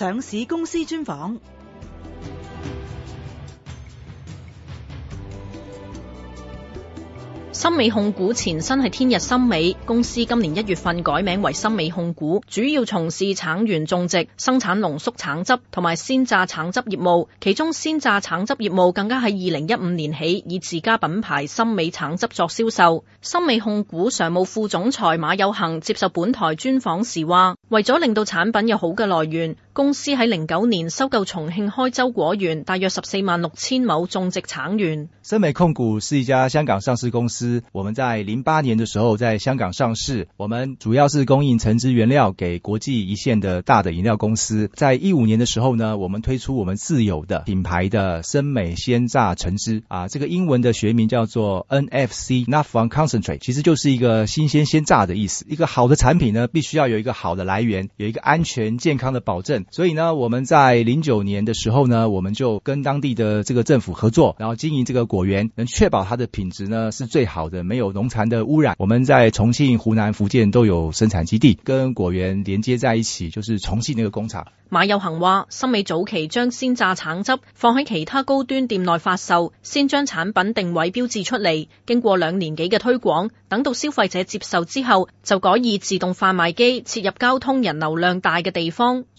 上市公司專訪。森美控股前身係天日森美公司，今年一月份改名為森美控股，主要從事橙園種植、生產濃縮橙汁同埋鮮榨橙汁業務。其中鮮榨橙汁業務更加喺二零一五年起以自家品牌森美橙汁作銷售。森美控股常務副總裁馬有恒接受本台專訪時話：為咗令到產品有好嘅來源。公司喺零九年收購重慶開州果園，大約十四萬六千畝種植橙園。森美控股是一家香港上市公司，我們在零八年的時候在香港上市。我們主要是供應橙汁原料給國際一線的大的飲料公司。在一五年的時候呢，我們推出我們自有的品牌的森美鮮榨橙汁，啊，這個英文的學名叫做 N F c n a t u r a Concentrate），其實就是一個新鮮鮮榨的意思。一個好的產品呢，必須要有一個好的來源，有一個安全健康的保證。所以呢，我們在零九年的時候呢，我們就跟當地的這個政府合作，然後經營這個果園，能確保它的品質呢是最好的，沒有農殘的污染。我們在重慶、湖南、福建都有生產基地，跟果園連接在一起，就是重慶那個工廠。馬有恆話，森美早期將鮮榨橙汁放喺其他高端店內發售，先將產品定位標誌出嚟。經過兩年幾嘅推廣，等到消費者接受之後，就改以自動販賣機切入交通人流量大嘅地方。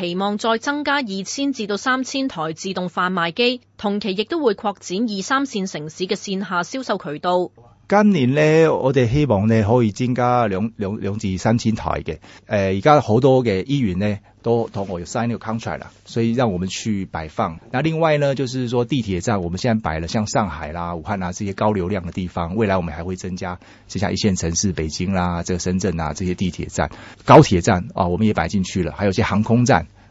期望再增加二千至到三千台自動販賣機，同期亦都會擴展二三線城市嘅線下銷售渠道。今年呢，我哋希望呢，可以增加兩兩兩至三千台嘅，誒、呃，而家好多嘅醫院呢，都同我有 sign 個 contract 啦，所以讓我們去擺放。那另外呢，就是說地鐵站，我們現在擺了，像上海啦、武漢啦這些高流量的地方，未來我們還會增加，即像一線城市北京啦、這個深圳啊這些地鐵站、高鐵站啊、哦，我們也擺進去了，還有些航空站。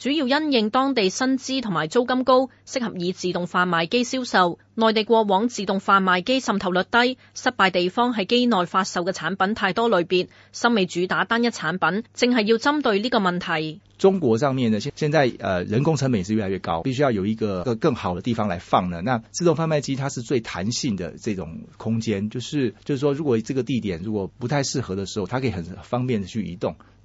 主要因應當地薪資同埋租金高，適合以自動販賣機銷售。內地過往自動販賣機滲透率低，失敗地方係機內發售嘅產品太多類別，森美主打單一產品，正係要針對呢個問題。中國上面呢，現現在呃人工成本是越來越高，必須要有一個更好的地方來放呢。那自動販賣機，它是最彈性的這種空間，就是就是說，如果這個地點如果不太適合的時候，它可以很方便地去移動。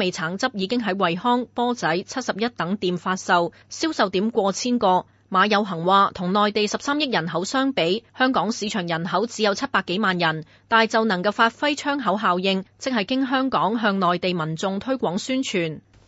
味橙汁已經喺惠康、波仔、七十一等店發售，銷售點過千個。馬有恒話，同內地十三億人口相比，香港市場人口只有七百幾萬人，但就能夠發揮窗口效應，即係經香港向內地民眾推廣宣傳。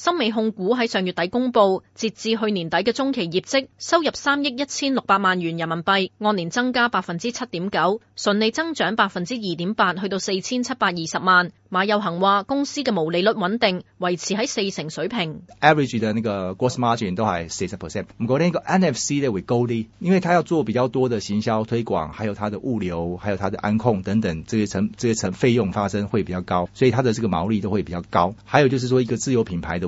森美控股喺上月底公布，截至去年底嘅中期業績，收入三億一千六百萬元人民幣，按年增加百分之七點九，純利增長百分之二點八，去到四千七百二十萬。馬有恒話，公司嘅毛利率穩定，維持喺四成水平。Average 嘅那個 gross margin 都係四十 percent。唔過呢個 NFC 咧會高啲，因為它要做比較多的行銷推廣，還有它的物流，還有它的安控等等，這些成這些成費用發生會比較高，所以它的這個毛利都會比較高。還有就是說一個自有品牌的。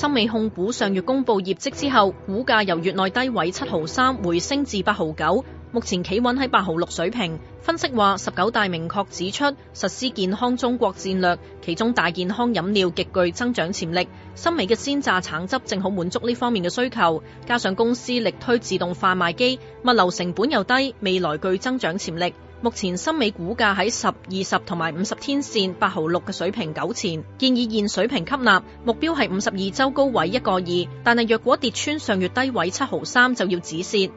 森美控股上月公布業績之後，股價由月內低位七毫三回升至八毫九，目前企穩喺八毫六水平。分析話，十九大明確指出實施健康中國戰略，其中大健康飲料極具增長潛力。森美嘅鮮榨橙汁正好滿足呢方面嘅需求，加上公司力推自動販賣機，物流成本又低，未來具增長潛力。目前森美股價喺十二十同埋五十天線八毫六嘅水平糾纏，建議現水平吸納，目標係五十二周高位一個二，但係若果跌穿上月低位七毫三就要止蝕。